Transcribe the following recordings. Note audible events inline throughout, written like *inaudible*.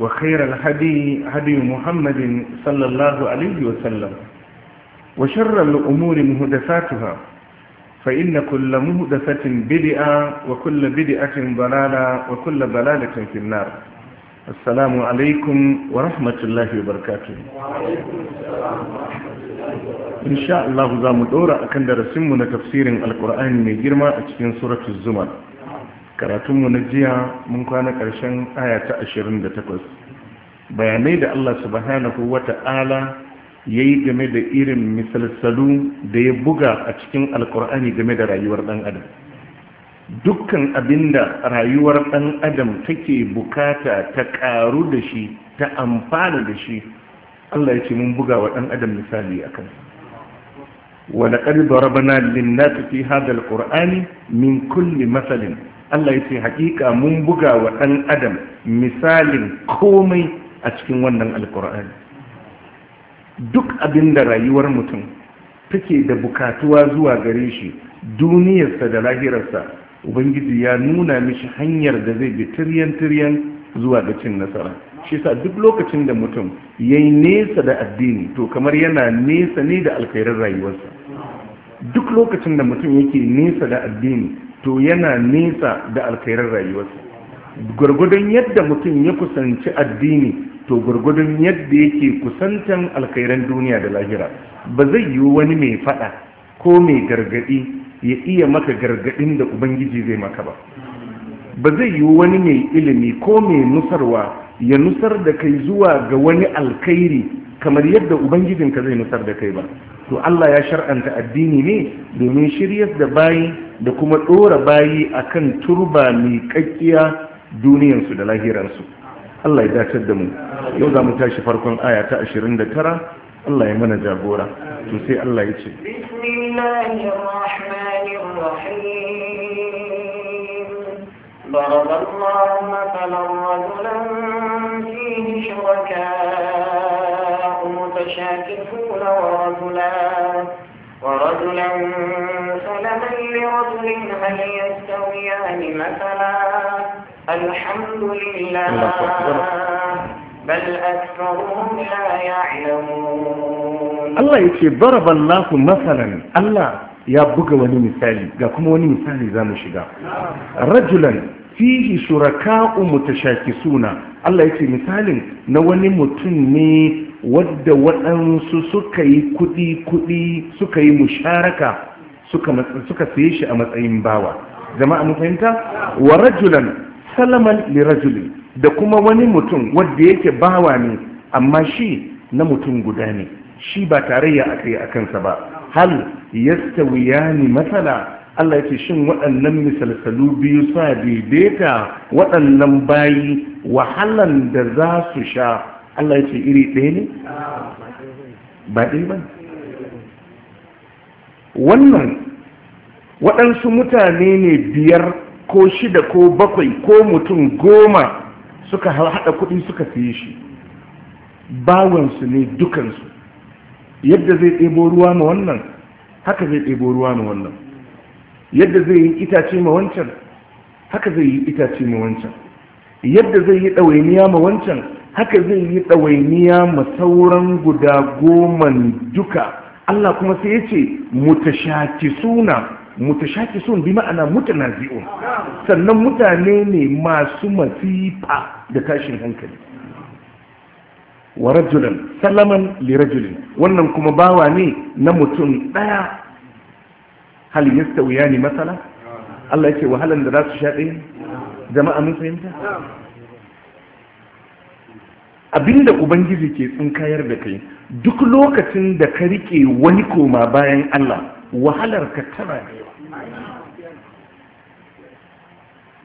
وخير الهدي هدي محمد صلى الله عليه وسلم وشر الأمور مهدفاتها فإن كل مهدفة بدئة وكل بدئة ضلالة وكل ضلالة في النار السلام عليكم ورحمة الله وبركاته وعليكم السلام ورحمة الله وبركاته إن شاء الله زام دورة أكن درسمنا تفسير القرآن من جرمى أتفين سورة الزمر karatunmu na jiya mun kwana ƙarshen aya ta 28 bayanai da Allah subhanahu wa ta'ala ya yi game da irin misalsalu da ya buga a cikin alkur'ani game da rayuwar ɗan adam dukkan abinda rayuwar ɗan adam take bukata ta ƙaru da shi ta amfana da shi Allah ya ce mun buga wa ɗan adam misali a kansa ولقد ضربنا للناس في هذا القرآن من كل مثل Allah ya ce hakika mun buga wa ɗan adam misalin komai a cikin wannan alkur'ani duk abin da rayuwar mutum take da bukatuwa zuwa gare shi duniyarsa da lahirarsa ubangiji ya nuna mishi hanyar da zai bi tiryan-tiryan zuwa ga cin nasara shi sa duk lokacin da mutum ya yi nesa da addini to kamar yana nesa ne da alkhairar rayuwarsa duk lokacin da mutum yake nesa da addini to yana nesa da alkhairar rayuwarsa gwargwadon yadda mutum ya kusanci addini to gwargwadon yadda yake kusantan alkhairan duniya da lahira ba zai yi wani mai fada ko mai gargadi ya iya maka gargadin da ubangiji zai maka ba ba zai yi wani mai ilimi ko mai nusarwa ya nusar da kai zuwa ga wani alkhairi kamar yadda ubangijinka zai nusar da kai ba to Allah ya shar'anta addini ne domin shiryar da bayi da kuma ɗora bayi a kan turba miƙaƙƙiya duniyarsu da lahiransu Allah ya dace da mu yau za mu tashi farkon aya ta 29 Allah ya mana jagora to sai Allah ya ce ضرب الله مثلا رجلا فيه شركاء متشاكسون ورجلا ورجلا Allah ya ce bar ban naku masanan Allah ya buga wani misali ga kuma wani misali za mu shiga. Rajulan fihi shuraka'u mu ta shaki suna Allah ya ce misalin na wani mutum ne wadda waɗansu suka yi kuɗi-kuɗi suka yi musharaka suka saye shi a matsayin bawa jama'a mu fahimta wa rajulan salaman li rajuli da kuma wani mutum wanda yake bawa ne amma shi na mutum guda ne shi ba tarayya ya yi a kansa ba hal yastawiyani matsala Allah yake shin waɗannan misalsalu biyu sa daidaita waɗannan bayi wahalan da za su sha Allah yake iri ɗaya ne ba ɗaya ba wannan waɗansu mutane ne biyar ko shida ko bakwai ko mutum goma suka haɗa kuɗi suka siye shi bawansu ne dukansu yadda zai ɗebo ruwa ma wannan haka zai ɗebo ruwa ma wannan yadda zai yi itace ma wancan haka zai yi itace ma wancan yadda zai yi ɗawainiya ma wancan haka zai yi ɗawainiya ma sauran guda goman duka Allah kuma sai yace mutashaki sun bi ma'ana mutanazi'un sannan mutane ne masu masifa da tashin hankali wa rajulan salaman li rajulin wannan kuma bawa ne na mutum daya hal yastawiyani masala Allah yake wahalan da za su sha ɗaya jama'a mun fahimta abinda ubangiji ke tsinkayar da kai duk lokacin da ka rike wani koma bayan Allah wahalar ka tana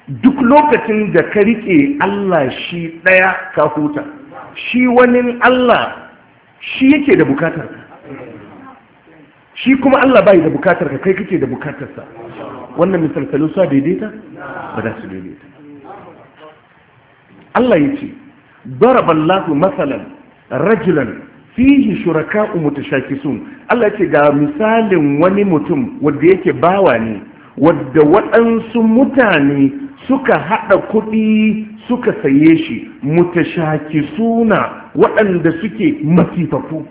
duk lokacin da ka rike Allah shi ɗaya ka huta shi wani Allah shi yake da bukatar ka shi kuma Allah bai da bukatar ka kai kake da bukatarsa wannan misalsalu sa daidaita ba za su daidaita Allah ya ce ضرب الله مثلا رجلا fihi shuraka'u mutashakisun Allah ce ga misalin wani mutum wanda yake bawa ne wadda waɗansu mutane suka haɗa kuɗi suka saye shi mutashakisuna waɗanda suke masifafu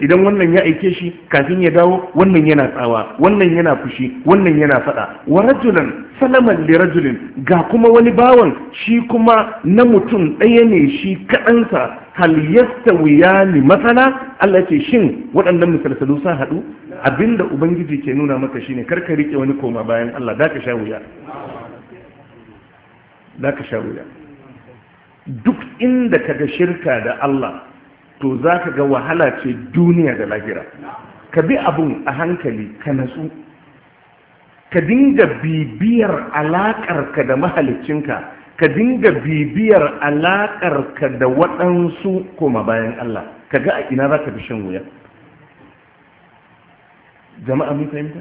idan wannan ya aike shi kafin ya dawo wannan yana tsawa wannan yana fushi wannan yana fada wa rajulan salaman li rajulin ga kuma wani bawan shi kuma na mutum ɗaya ne shi kaɗansa hal ne matsala. Allah ce shin waɗannan misalsalu sun haɗu abinda ubangiji ke nuna maka shine kar ka rike wani koma bayan Allah da ka sha wuya da ka sha wuya duk inda ka ga shirka da Allah to za ka ga wahala ce duniya da lahira ka bi abun a hankali ka natsu ka dinga bibiyar alaƙarka da mahalicinka ka dinga bibiyar alaƙarka da waɗansu koma bayan Allah ka ga a ina za ka fi shan wuya jama'a mun fahimta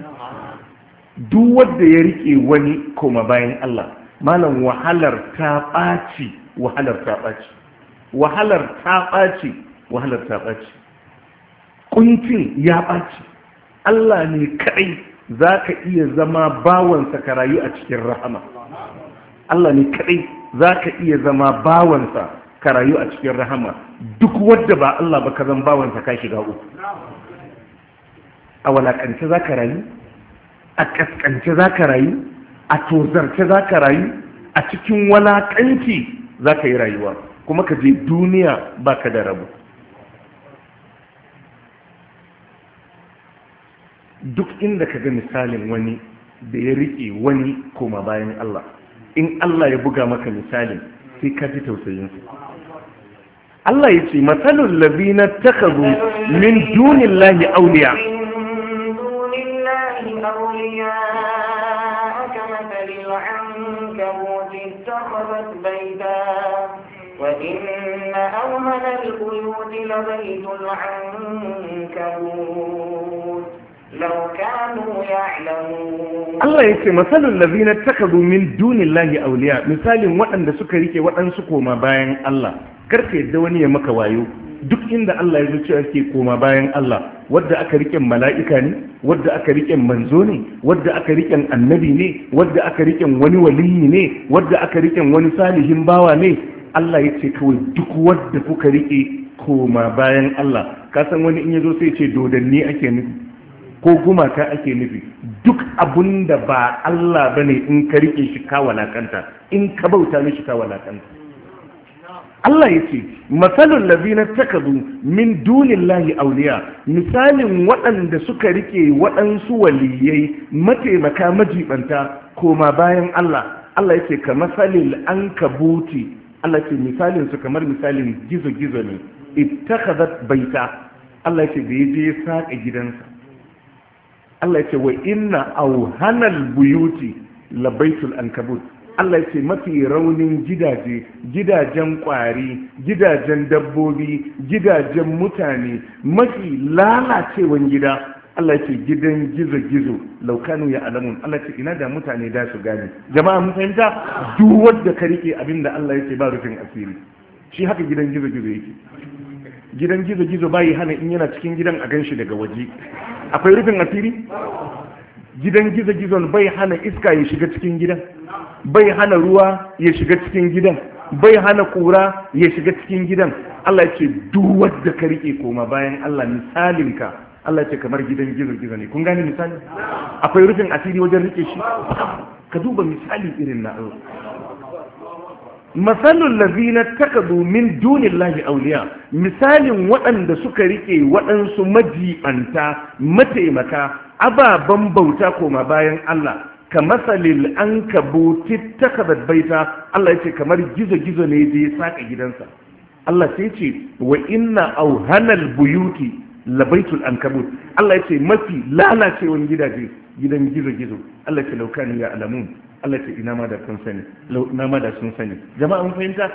duk wanda ya rike wani koma bayan Allah malam wahalar ta ɓaci wahalar ta ɓaci wahalar ta ɓaci wahalar ta ɓaci kuncin ya ɓaci Allah ne kaɗai za ka iya zama bawansa ka rayu a cikin rahama Allah ne kaɗai za ka iya zama bawansa ka rayu a cikin rahama duk wadda ba Allah ba ka zan bawansa ka shiga uku a walakance za ka rayu a kaskance za ka rayu a tozarce za ka rayu a cikin walakanci za ka yi rayuwa kuma ka je duniya ba ka da rabu duk inda ka ga misalin wani da ya riƙe wani koma bayan Allah in Allah ya buga maka misalin sai ka ji tausayin su Allah ya ce matsalul labina takazu min dunillahi awliya وإن أومن البيوت لبيت العنكبوت Allah ya ce masalul taka takazu dunin lahi auliya misalin waɗanda suka rike waɗansu koma bayan Allah karka yadda wani ya maka wayo duk inda Allah ya zuciya ake koma bayan Allah wadda aka rike mala'ika ne wadda aka rike manzo ne wadda aka rike annabi ne wadda aka rike wani waliyi ne wadda aka rike wani salihin bawa ne Allah ya ce kawai duk wadda kuka rike koma bayan Allah ka san wani in ya zo sai ce dodanni ake nufi ko gumaka ake nufi duk abun da ba Allah ba ne in ka rike shi ka walakanta in ka bauta mishi ka walakanta Allah ya ce matsalin labina takadu min dunin lahi misalin waɗanda suka rike waɗansu waliyai mataimaka majibanta koma bayan Allah Allah ya ce ka matsalin an Allah ya ce misalin su kamar misalin gizo-gizo ne ita baita Allah ya ce da ya je saƙa gidansa Allah ya ce wa inna auhanal buyuti Baitul ankabut Allah ya ce mafi raunin gidaje gidajen kwari gidajen dabbobi gidajen mutane mafi lalacewan gida Allah ce gidan gizo-gizo laukanu ya alamun Allah ce ina da mutane da su gane jama'a mun fahimta duk wanda ka rike abin da Allah yake ba rufin asiri shi haka gidan gizo-gizo yake gidan gizo-gizo bai hana in yana cikin gidan a ganshi daga waje akwai rufin asiri gidan gizo-gizon bai hana iska ya shiga cikin gidan bai hana ruwa ya shiga cikin gidan bai hana kura ya shiga cikin gidan Allah ce duk wadda ka rike koma bayan Allah misalinka Allah ce kamar gidan gizo-gizo ne kun gane misali akwai rufin asiri wajen rike shi ka duba misali irin na Allah matsalin na taka domin dunin lahi auliya misalin waɗanda suka riƙe waɗansu majiɓanta mataimaka ababen bauta koma bayan Allah ka matsalin an taka takadar baita Allah ya ce kamar gizo-gizo ne da ya saka gidansa Allah sai ce wa inna auhanal buyuti labaitul ankabut Allah ya ce mafi lalacewan gidaje gidan gizo-gizo Allah ya ce laukani ya alamun Allah ce ina ma da kun sani ina ma da sun sani jama'a mun fahimta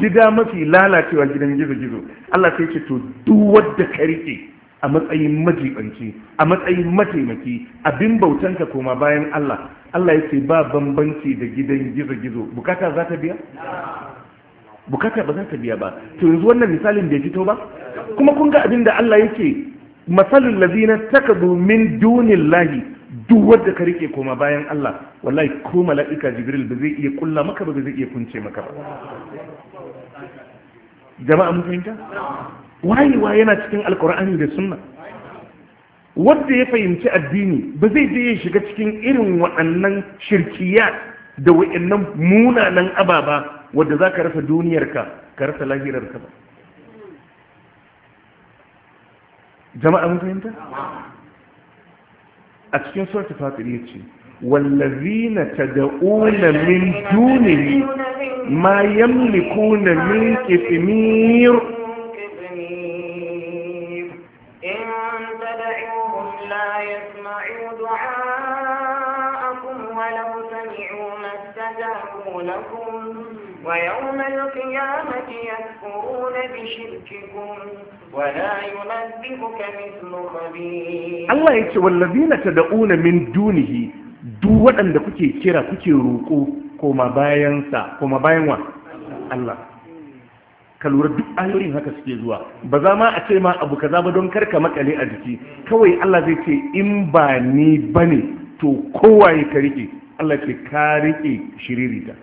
gida mafi lalacewa gidan gizo gizo Allah sai ce to duk wanda ka rike a matsayin majibanci a matsayin mataimaki abin bautanka koma bayan Allah Allah yake ba bambanci da gidan gizo gizo bukata za ta biya bukata ba za ta biya ba to yanzu wannan misalin bai fito ba kuma kun ga abin da Allah yake masalul ladina takadu min dunillahi duk wadda ka rike koma bayan Allah wallahi ko mala'ika Jibril ba zai iya kulla maka ba zai iya kunce maka ba jama'a mun fahimta wayewa yana cikin alkur'ani da sunna wanda ya fahimci addini ba zai je ya shiga cikin irin waɗannan shirkiya da waɗannan munanan ababa wadda za ka rasa duniyarka ka rasa lahirarka ba jama'a mun fahimta a cikin surta fatir ya ce wallazina tad'una min dunihi ma yamlikuna min qitmir ويوم القيامة يذكرون بشرككم ولا ينبئك مثل خبير الله يقول والذين تدعون من دونه duk waɗanda kuke kira kuke roƙo koma bayansa koma bayan wa Allah ka lura duk ayoyin haka suke zuwa ba za ma a ce ma abu kaza ba don karka makale a jiki kawai Allah zai ce in ba ni bane to kowaye ka rike Allah ce ka rike shiririta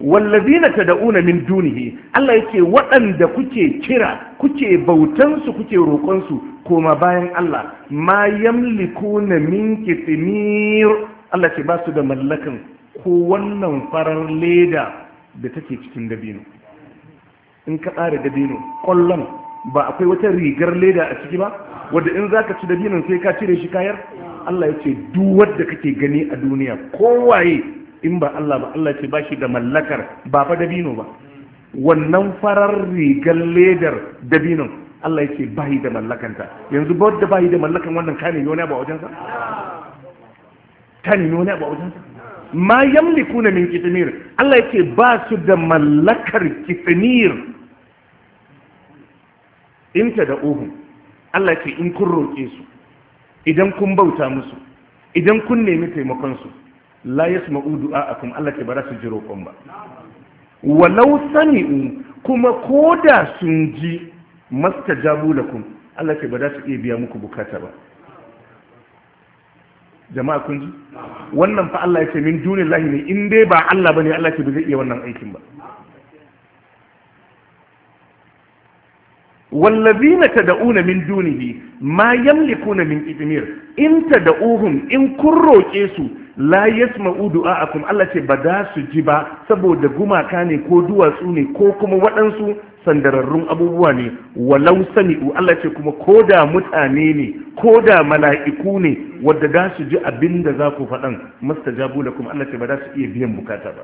wallazina tad'una min dunihi Allah yake waɗanda kuke kira kuke bautan su kuke roƙon su koma bayan Allah ma yamlikuna min kitmir Allah ce ba su da mallakan ko wannan farar leda da take cikin dabino in ka tsara dabino ƙwallon ba akwai wata rigar leda a ciki ba wadda in zaka ci dabinon sai ka cire shi kayar Allah ya ce duk wanda kake gani a duniya kowaye in ba Allah ba Allah ce ba shi da mallakar ba fa dabino ba wannan farar rigar ledar dabino. Allah ya ce ba yi da mallakanta yanzu ba da ba yi da mallakan wannan kane ne ba abu a wajensa kane ne ba abu a wajensa ma yamliku na min kitmir Allah ya ce ba su da mallakar kitmir in ta da ohun Allah ya ce in kun roƙe su idan kun bauta musu idan kun nemi taimakon su la yasma'u du'a'akum Allah ke bara su ji roƙon ba walau sami'u kuma koda sun ji mastajabu lakum Allah ke bara su iya biya muku bukata ba jama'a kun ji wannan fa Allah ya ce min dunillahi ne in dai ba Allah bane Allah ke ba iya wannan aikin ba والذين تدعون من دونه ما يملكون من إثمير إن تدعوهم إن كروا كيسو la yasma'u du'a'akum Allah ce ba za su ji ba saboda gumaka ne ko duwatsu ne ko kuma waɗansu sandararrun abubuwa ne walau sami'u Allah ce kuma ko da mutane ne ko da mala'iku ne wadda za su ji abin da za ku faɗan da kuma. Allah ce ba za su iya biyan bukata ba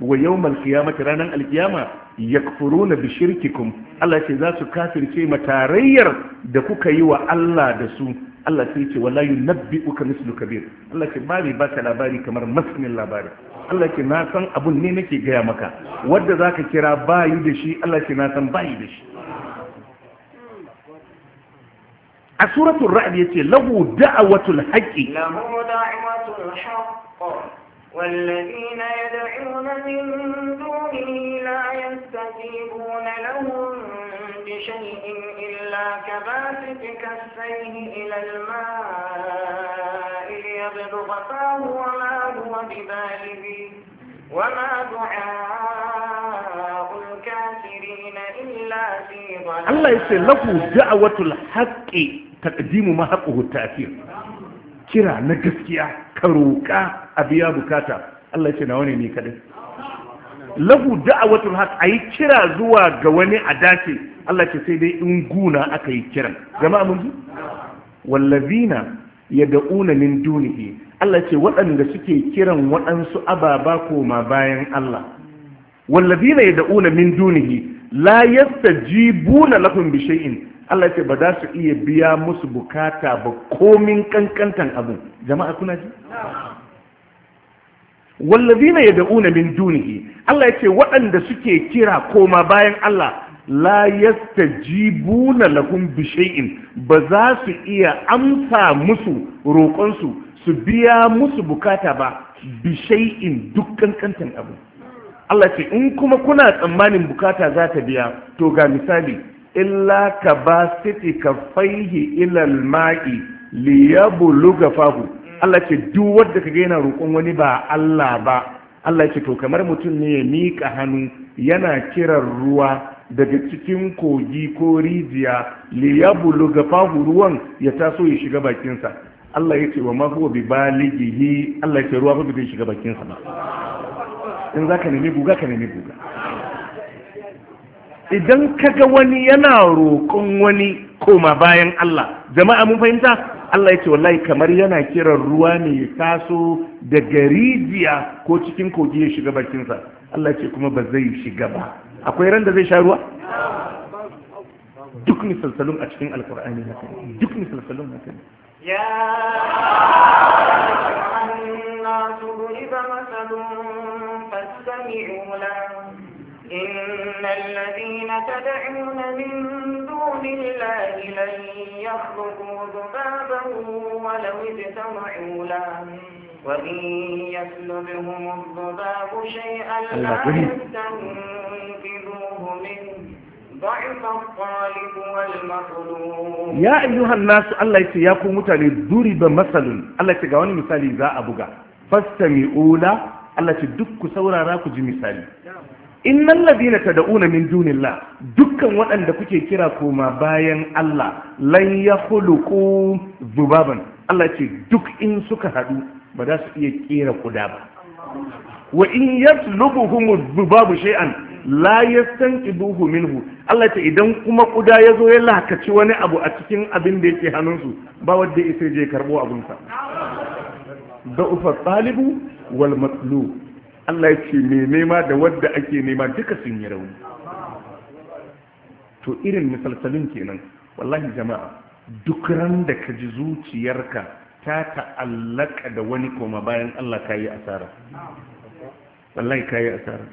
wa yawmal qiyamati ranar alkiyama yakfuruna bishirki shirkikum Allah ce za su kafirce matarayyar da kuka yi wa Allah da su Allah sai ce wala yunabbi'uka mislu kabir Allah ce bari ba ka labari kamar masnin labari Allah ce na san abun ne nake gaya maka wanda zaka kira bayi da shi Allah ce na san bayi da shi a suratul ra'd yace lahu da'watul haqqi lahu da'watul haqq والذين يدعون من دونه لا يستجيبون لهم بشيء إلا كباسط كفيه إلى الماء ليبلغ فاه وما هو ببالغ وما دعاء الكافرين إلا في ضلال الله يسأل له دعوة الحق تقديم ما حقه التأثير kira na gaskiya ka roƙa a biya bukata Allah ya ce na wani ne kadai lahu da'awatul haq ayi kira zuwa ga wani a dace Allah ce sai dai in guna aka yi kiran jama'a mun ji wallazina yad'una min dunihi Allah ce waɗanda suke kiran waɗansu ababa koma bayan Allah wallazina yad'una min dunihi la yastajibuna lahum bi shay'in Allah ce ba za su iya biya musu bukata ba komin kankantan abu jama'a kuna ji wallazina yad'una min dunihi Allah ya ce waɗanda suke kira koma bayan Allah la yastajibuna lahum bi shay'in ba za su iya amsa musu roƙonsu su biya musu bukata ba bi shay'in dukkan abu Allah ce in kuma kuna tsammanin bukata za ta biya to ga misali illa ka ba siti ka faihi ilal ma'i yabluga fahu Allah ce duk wanda kage yana roƙon wani ba Allah ba Allah ce to kamar mutum ne ya miƙa hannu yana kiran ruwa daga cikin kogi ko rijiya li yabluga fahu ruwan ya taso ya shiga bakinsa Allah ya ce wa ma huwa bi balighihi Allah ya ce ruwa ba zai shiga bakinsa ba in zaka nemi guga ka nemi guga idan kaga wani yana roƙon wani koma bayan Allah jama'a mun fahimta Allah ya ce wallahi kamar yana kiran ruwa ne ya taso daga rijiya ko cikin kogi ya shiga bakinsa Allah ya ce kuma ba zai shiga ba akwai ran da zai sha ruwa duk misalsalun a cikin alkur'ani haka duk misalsalun haka ya إن الذين تدعون من دون الله لن يخلقوا ذبابا ولو اجتمعوا له وإن يسلبهم الذباب شيئا لا يستنكروا ya ayyuhan nasu Allah ya ce ya ku mutane ba masalun Allah ce ga wani misali za a buga ula Allah ce duk ku saurara ku ji misali innal ladina da'una min dunillah dukkan waɗanda kuke kira koma bayan Allah lan ko zubaban Allah ce duk in suka haɗu, ba za su iya kera kuda ba wa in yatlubuhum dhubabu shay'an la yastanqiduhu minhu Allah ta idan kuma kuda ya zo ya lakaci wani abu a cikin abin da yake hannunsu ba wanda ya sai je karbo abun sa da ufa talibu wal matlub Allah ya ce me nema da wadda ake nema duka sun yi rauni to irin misalsalin kenan wallahi jama'a duk ran da ka ji zuciyarka ta ta'allaka da wani koma bayan Allah ka yi asara wallahi kayi asara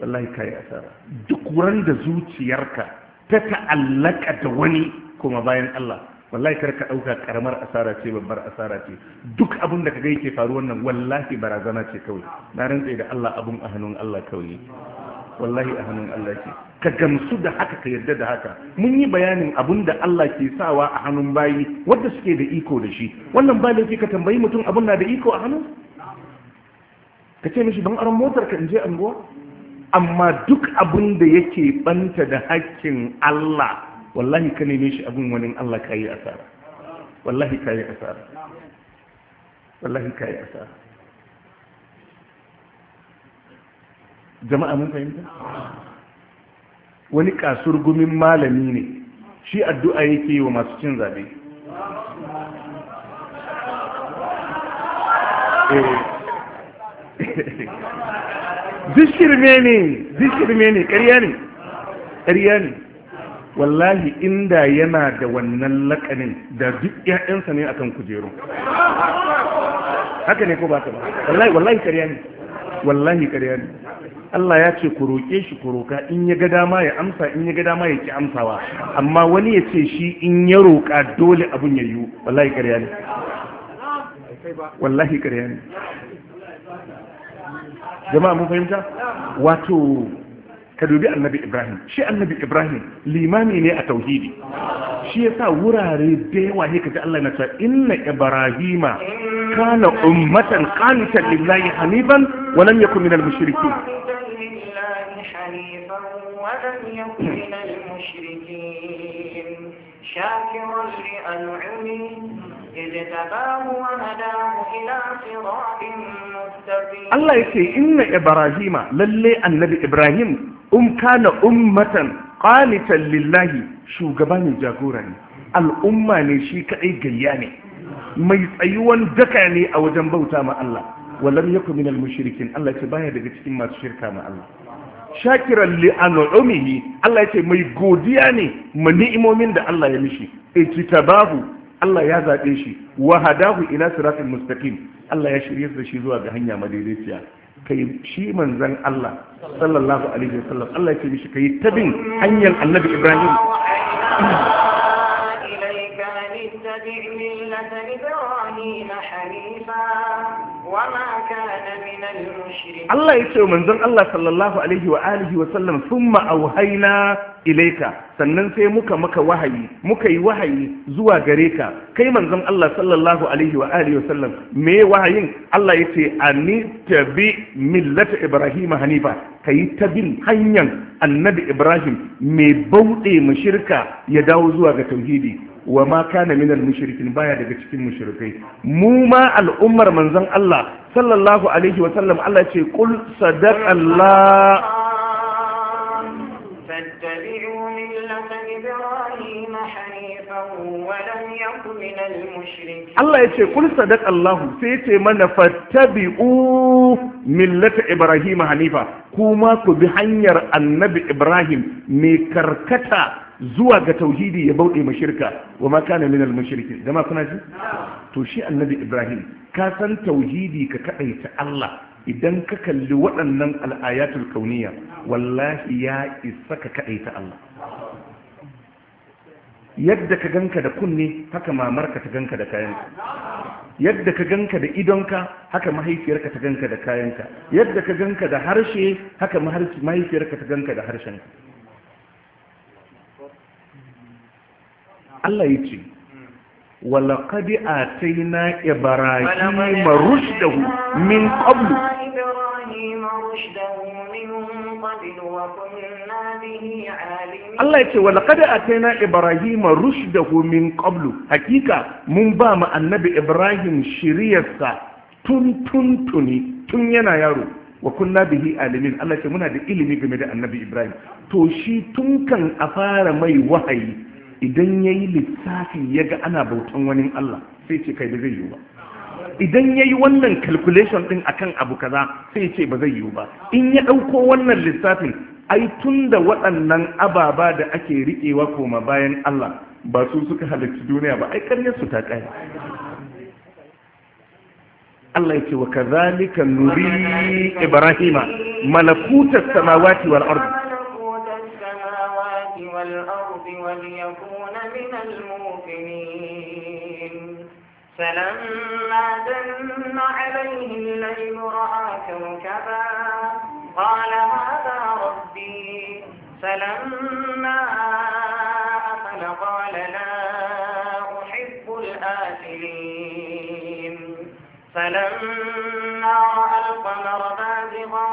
wallahi kayi asara duk wurin da zuciyarka ta ta'allaka da wani kuma bayan Allah wallahi karka ɗauka karamar asara ce babbar asara ce duk abin da kaga yake faruwa nan wallahi barazana ce kawai na rantse da Allah abun a hannun Allah kawai wallahi a hannun Allah ce ka gamsu da haka ka yarda da haka mun yi bayanin abun da Allah ke sawa a hannun bayi wanda suke da iko da shi wannan ba laifi ka tambayi mutum abun na da iko a hannun ka ce mishi don aron motar ka in je anguwa amma duk abin da yake banta da hakkin Allah wallahi ka neme shi abin wani Allah ka yi asara wallahi ka yi asara wallahi ka yi asara jama'a mun fahimta wani kasur gumin malami ne shi addu'a yake yi wa masu cin zabe eh zishirme ne zishirme ne ƙarya ne ƙarya ne wallahi inda yana da wannan lakanin da duk ƴaƴansa ne akan kujeru haka ne ko ba ta ba wallahi wallahi ƙarya ne wallahi ƙarya ne Allah ya ce ku roƙe shi ku roƙa in ya ga dama ya amsa in ya ga dama ya ki amsawa amma wani ya ce shi in ya roƙa dole abun ya yiwu wallahi ƙarya ne wallahi ƙarya ne jama'a mun fahimta wato ka dubi annabi ibrahim shi annabi ibrahim limami ne a tauhidi shi yasa wurare da yawa ne Allah na cewa inna ibrahima kana ummatan qanitan lillahi haniban wa lam yakun minal mushrikeen شاكرا لأنعمه Allah ya ce inna Ibrahima lalle annabi Ibrahim um kana ummatan qanitan lillahi shugaba ne jagora ne al'umma ne shi kaɗai gayya ne mai tsayuwan daka ne a wajen bauta ma Allah walam yakun al mushrikin Allah ya ce baya daga cikin masu shirka ma Allah shakiran li an'umihi Allah ya ce mai godiya ne ma ni'imomin da Allah ya mishi ijtabahu Allah ya zaɓe shi wa hadahu ila siratin mustaqim Allah ya shirye da shi zuwa ga hanya madaidaiciya kai shi manzon Allah sallallahu alaihi wasallam Allah ya ce mishi kai tabin hanyar Annabi Ibrahim واتبع ملة إبراهيم حنيفا وما كان من المشركين الله يسوي من ذن الله صلى الله عليه وآله وسلم ثم أوهينا إليك sannan sai muka maka wahayi muka yi wahayi zuwa gare ka kai manzon Allah sallallahu alaihi wa alihi wasallam me wahayin Allah yace ani tabi millata ibrahim hanifa kai tabin bin hanyar annabi ibrahim me baude mushirka shirka ya dawo zuwa ga tauhidi wa ma kana minal mushrikin baya daga cikin mushrikai mu ma al'ummar manzon Allah sallallahu alaihi wa sallam Allah ce qul sadaqa Allah Allah ya ce kul sadaq Allah sai ce mana fattabi'u millata Ibrahim hanifa kuma ku bi hanyar annabi Ibrahim mai karkata zuwa ga tauhidi ya bauɗe mashirka wa ma kana minal mushrikin jama'a kuna ji to shi annabi ibrahim ka san tauhidi ka kadaita Allah idan ka kalli waɗannan al'ayatul kauniya wallahi ya isa ka kadaita Allah yadda ka ganka da kunne haka mamarka ta ganka da kayanka yadda ka ganka da idonka haka mahaifiyarka ta ganka da kayanka yadda ka ganka da harshe haka mahaifiyarka ta ganka da harshenka Allah ya ce walaƙadi a tai na ibrahim rushdahu min qablu Allah ya ce walaƙadi a tai na ibrahim rushdahu min qablu hakika mun ba mu annabi ibrahim shiriyarsa tun tun tuni tun yana yaro wa kunna bihi alimin Allah ce muna da ilimi game da annabi ibrahim to shi tun kan a fara mai wahayi idan ya yi lissafi ya ga ana bautan wani Allah sai ce kai ba zai yiwu ba idan ya yi wannan calculation din akan abu kaza sai ce ba zai yiwu ba in ya ɗauko wannan lissafin ai tun da waɗannan ababa da ake riƙewa koma bayan Allah ba su suka halarci duniya ba ai ƙarya su ta ƙaya Allah ya wa kazalika nuri ibrahima malakutas samawati wal ardi فلما دن عليه الليل رأى كوكبا قال هذا ربي فلما أفل قال لا أحب الآفلين فلما رأى القمر بازغا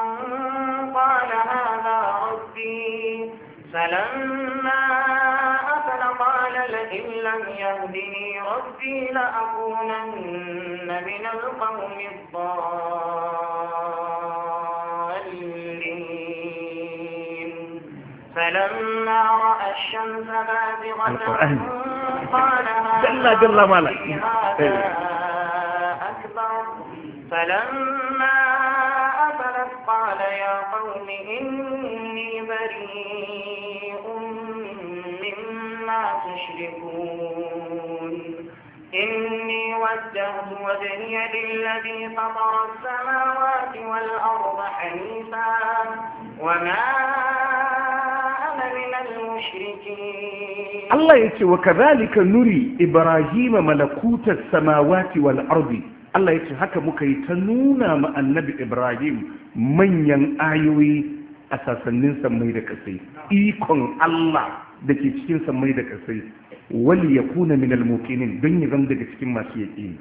قال هذا ربي فلما لئن لم يهدني ربي لأكونن من القوم الضالين فلما رأى الشمس بازغة قال هذا *laughs* جل مالك أكبر فلما أفلت قال يا قوم إني بريء وجهي وجهت وجهي للذي فطر السماوات والأرض حنيفا وما أنا من المشركين wa kazalika nuri Ibrahim malakutar samawati wal ardi Allah ya ce haka muka yi ta nuna ma annabi Ibrahim manyan ayoyi a sasannin sammai da kasai ikon Allah da ke cikin sammai da kasai wal yakuna min al muqinin don ya zama daga cikin masu yaki.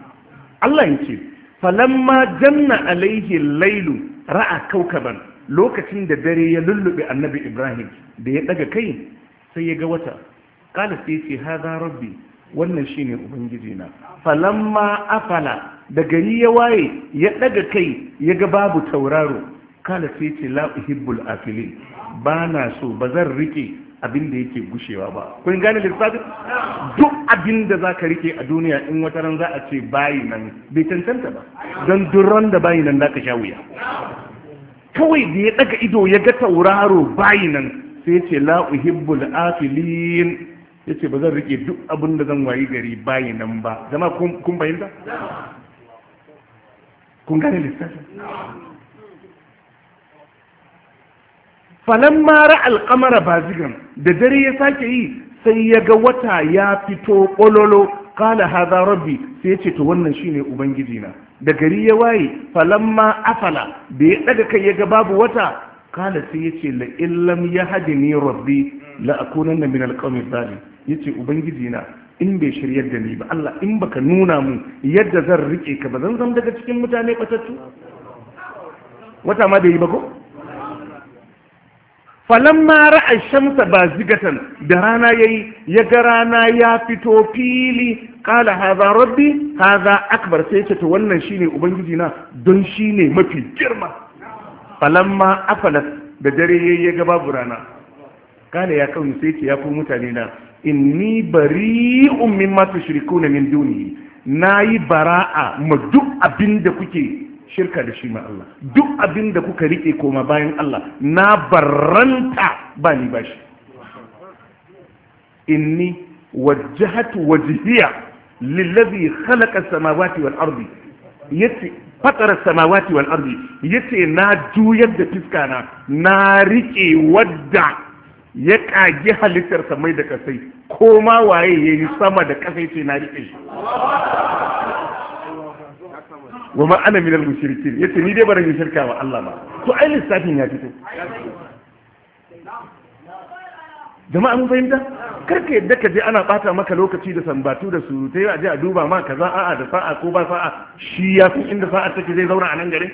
Allah ya ce. falamma janna alaihi lailu ra'a kaukaban lokacin da dare ya lullube annabi Ibrahim da ya daga kai sai ya ga wata qala sai ce haza rabbi wannan shine ubangiji na falamma afala da gari ya waye ya daga kai ya ga babu tauraro kala sai ce la uhibbul afilin ba na so ba zan rike abin da yake gushewa ba kun gane lissafi duk abin da za ka rike a duniya in wata ran za a ce bayi nan bai cancanta ba don duran da bayi nan za ka sha wuya kawai da ya daga ido ya ga tauraro bayi nan sai ce la uhibbul afilin ya ce ba zan rike duk abin da zan wayi gari bayi nan ba zama kun fahimta kun gane lissafin falan mara alkamara bazigan da dare ya sake yi sai ya ga wata ya fito kololo kala haza rabbi sai ya ce to wannan shine ubangiji na da gari ya waye ma afala da ya daga kai ya ga babu wata kala sai ya ce la illam ya ni rabbi la na min alqawmi zalim yace ubangiji na in bai shiryar da ni ba Allah in baka nuna mu yadda zan rike ka ba zan zama daga cikin mutane batattu wata ma bai yi ba ko falamma ra'a shamsa zigatan da rana yayi ya ga rana ya fito fili kala haza rabbi haza akbar sai ce to wannan shine ubangiji na don shine mafi girma ma afalat da dare yayi ya ga babu rana kala ya kawo sai ce ya fi mutane na inni bari'un mimma tushrikuna min dunihi nayi bara'a ma duk abinda kuke shirka da shi ma Allah duk abin da kuka riƙe koma bayan Allah na barranta ba ni ba shi inni wajjahatu wajhiya lillazi khalaqa samawati wal ardi yace fatara samawati wal ardi yace na juyar da fiska na na riƙe wadda ya kage halittar samai da kasai koma waye yayi sama da kasai ce na rike shi wa ma ana minal mushrikin yace ni dai barin shirka wa Allah ba to ai lissafin ya fito jama'a mun fahimta karka yadda ka je ana bata maka lokaci da sambatu da surutai a je a duba ma kaza a'a da sa'a ko ba sa'a shi ya san inda sa'a take zai zauna a nan gare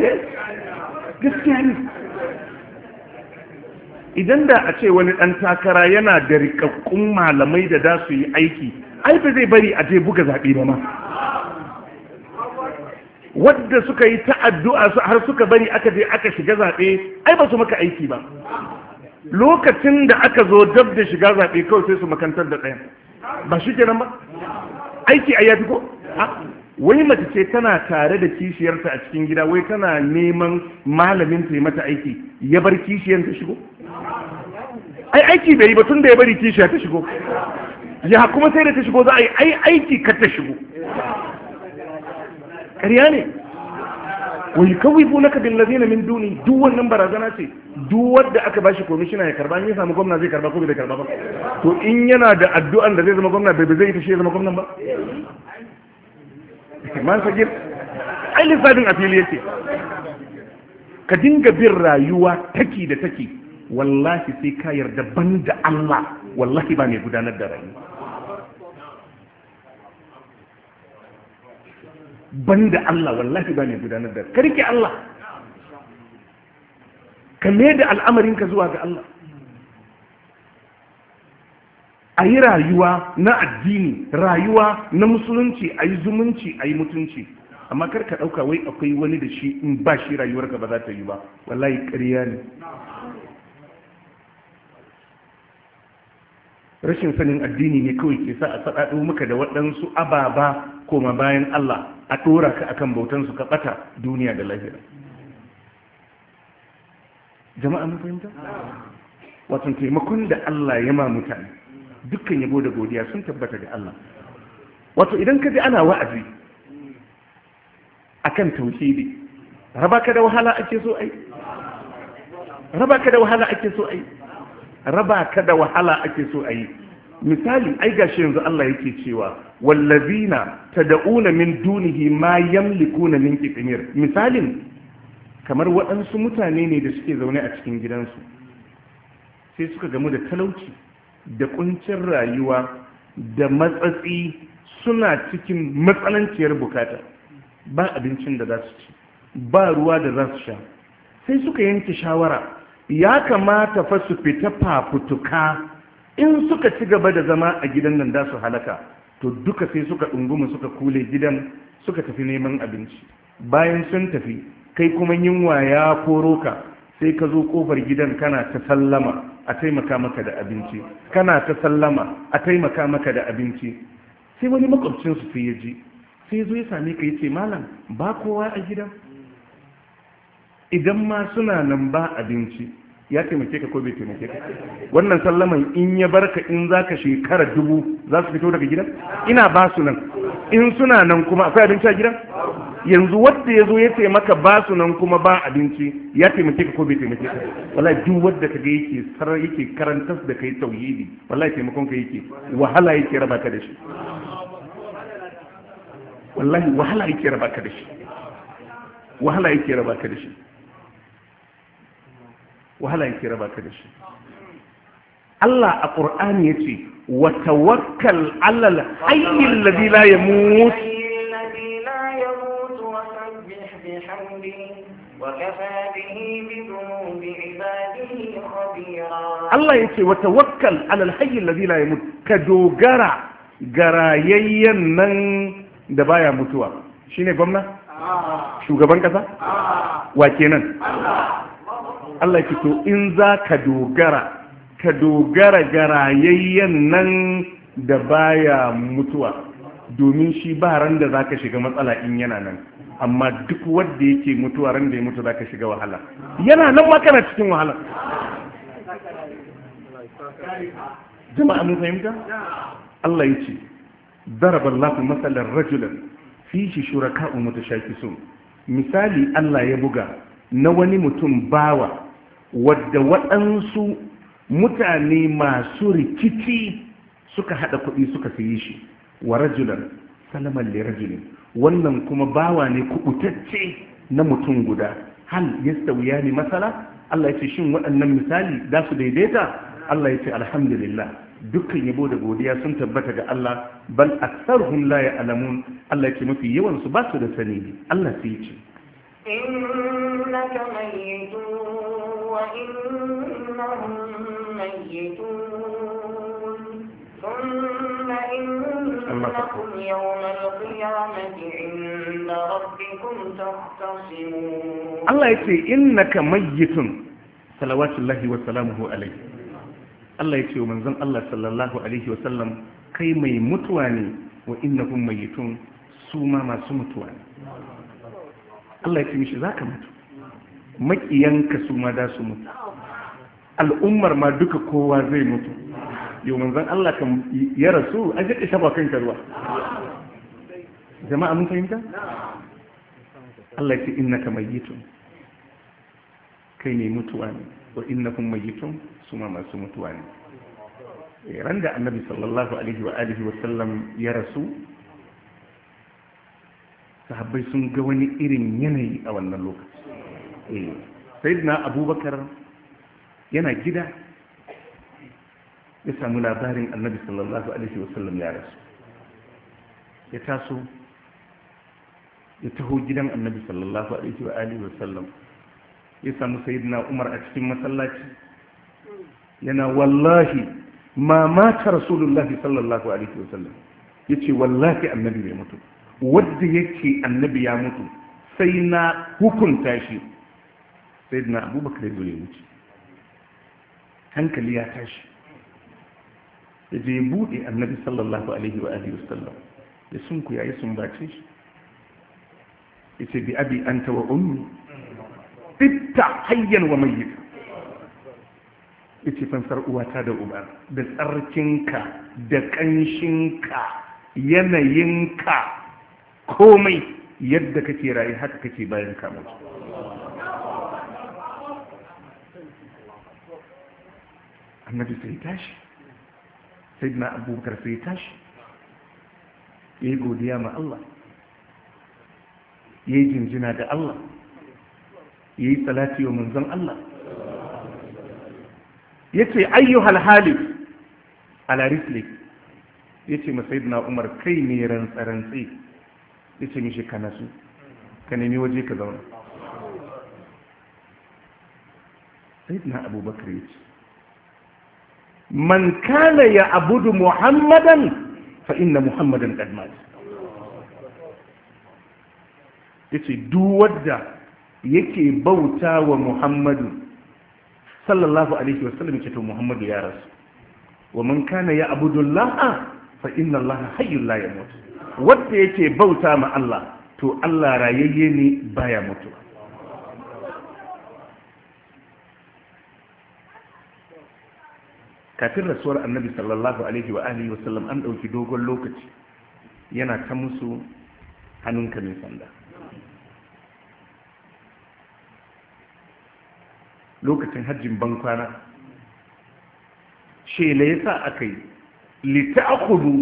eh? gaskiya ne idan da a ce wani ɗan takara yana da rikakkun malamai da za su yi aiki ai ba zai bari a je buga zaɓe ba ma wadda suka yi ta har suka bari aka je aka shiga zaɓe ai ba su maka aiki ba lokacin da aka zo dab da shiga zaɓe kawai sai su makantar da ɗaya ba shi kenan ba aiki a yafi ko ah. wai mace ce tana tare da kishiyarta a cikin gida wai tana neman malamin ta mata aiki ya bar kishiyar ta shigo ai aiki bai yi ba tun da ya bari kishiyar ta shigo ya kuma sai da ta shigo za a yi ai aiki ka ta shigo ƙarya ne bu na naka bil ladina min duni duk wannan barazana ce duk wadda aka bashi komishina ya karba in ya samu gwamna zai karba ko bai karba ba to in yana da addu'an da zai zama gwamna bai zai yi ta shi ya zama gwamnan ba man sagir ai lissafin a fili yake ka dinga bin rayuwa taki da taki wallahi sai ka yarda ban da Allah wallahi ba mai gudanar da rayuwa ban da Allah wallahi ba mai gudanar da ka rike Allah ka da al'amarinka zuwa ga Allah a yi rayuwa na addini rayuwa na musulunci a yi zumunci a yi mutunci amma kar ka ɗauka wai akwai wani da shi in ba shi ka ba za ta yi ba wallahi ƙarya ne rashin sanin addini ne kawai ke sa a saɗaɗo maka da waɗansu ababa koma bayan Allah a ɗora ka akan bautansu ka ɓata duniya da lahira jama'a mun fahimta wato taimakon da Allah ya ma mutane dukkan yabo da godiya sun tabbata da Allah wato idan ka ji ana wa'azi akan tauhidi raba ka da wahala ake so ai raba ka da wahala ake so ai raba ka da wahala ake so ai misali ai gashi yanzu Allah yake cewa wallazina tad'una min dunihi ma yamlikuna min qitmir misalin kamar waɗansu mutane ne da suke zaune a cikin gidansu sai suka gamu da talauci da kuncin rayuwa da matsatsi suna cikin matsananciyar bukata ba abincin da za su ci ba ruwa da za su sha sai suka yanke shawara ya kamata fa su fita fafutuka in suka ci gaba da zama a gidan nan da su halaka to duka sai suka ɗunguma suka kule gidan suka tafi neman abinci bayan sun tafi kai kuma yunwa ya koro ka sai ka zo kofar gidan kana ta sallama a taimaka maka da abinci kana ta sallama a taimaka maka da abinci sai wani su sai ya ji sai zo ya same ka yace malam ba kowa a gidan idan ma suna nan ba abinci ya taimake ka ko bai taimake ka wannan sallaman in ya barka in zaka shekara dubu za su fito daga gidan ina ba su nan in suna nan kuma akwai abinci a gidan yanzu wadda ya zo ya ce maka ba su nan kuma ba abinci ya taimake ka ko bai taimake ka wallahi duk ka kaga yake sarar yake karantas da kai tauhidi wallahi taimakon ka yake wahala yake raba ka da shi wallahi wahala yake raba ka da shi wahala yake raba ka da shi wahala yake raba ka da shi Allah a Qur'ani yace wa tawakkal 'alal hayy alladhi la yamut Allah ya ce, Wata خبيرا الله يتي وتوكل على الحي الذي لا يموت كدوغرا غرايين da baya mutuwa Shi ne gwamna shugaban kasa wa kenan Allah ce to in za ka dogara ka dogara garayayyen nan da baya mutuwa domin shi ba ran da za ka shiga matsala in yana nan amma duk wanda yake mutuwa ran da ya mutu zaka shiga wahala yana nan ma kana cikin wahala jama'a mun fahimta Allah ya ce daraba Allah masalan rajulan fihi shuraka mutashakisun misali Allah ya buga na wani mutum bawa wadda waɗansu mutane masu rikici suka haɗa kuɗi suka sayi shi wa rajulan salaman li rajulin wannan kuma bawa ne kubutacce na mutum guda hal yastawiya ne masala Allah ya ce shin waɗannan misali za su daidaita Allah ya ce alhamdulillah dukkan yabo da godiya sun tabbata ga Allah bal aktsaruhum la ya'lamun Allah ya ce mafi yawan su ba su da sani ne Allah sai ya ce innaka mayyitun wa innahum mayyitun لكم يوم القيامة عند ربكم تختصمون الله يتي إنك ميت صلوات الله وسلامه عليه Allah ya ce wa manzon Allah sallallahu alaihi wa sallam kai mai mutuwa ne wa innahum mayyitun su ma masu mutuwa ne Allah ya ce mishi zaka mutu makiyanka su ma da su mutu al'ummar ma duka kowa zai mutu yau manzan Allah kan ya rasu an jaɗe shafa kanka ruwa jama'a mun fahimta Allah ce innaka mayyitun kai ne mutuwa ne wa innakum mayyitun su ma masu mutuwa ne eh, ran da annabi sallallahu alaihi wa alihi wa sallam ya rasu sahabbai sun ga wani irin yanayi a wannan lokaci eh, na abubakar yana gida ya samu labarin annabi sallallahu alaihi wasallam ya rasu ya taso ya taho gidan annabi sallallahu alaihi wa alihi wasallam ya samu sayyidina umar a cikin masallaci yana wallahi ma mata rasulullahi sallallahu alaihi wasallam ce wallahi annabi bai mutu wadda yake annabi ya mutu sai na hukunta shi sayyidina abubakar ya zo ya wuce hankali ya tashi zai je buɗe annabi sallallahu alaihi wa alihi wasallam da sun ku yayi sun bace shi yace bi abi anta wa ummi fitta hayyan wa mayyit yace fansar uwata da uba da tsarkinka da ƙanshinka yanayinka komai yadda kake rayu haka kake bayan ka mutu annabi sai tashi sai abubakar sai tashi ya yi godiya ma Allah ya yi jinjina da Allah ya yi salati wa manzan Allah ya ce ayyuhal halif ala rislik ya ce ma na umar kai ne rantsarantsi ya ce mishi ka nasu ka nemi waje ka zauna sai abubakar ya ce man kana ya abudu muhammadan fa inna muhammadan qad mat yace duk wanda yake bauta wa muhammadu sallallahu alaihi wasallam yace to muhammadu ya rasu wa man kana ya abudu Laha, fa inna Laha hayyul la yamut wanda yake bauta ma Allah to Allah rayayye ne baya mutuwa kafin rasuwar annabi sallallahu alaihi wa alihi wa sallam an dauki dogon lokaci yana ta musu hannun kamin sanda lokacin hajjin bankwana she ya sa akai li ta'khudhu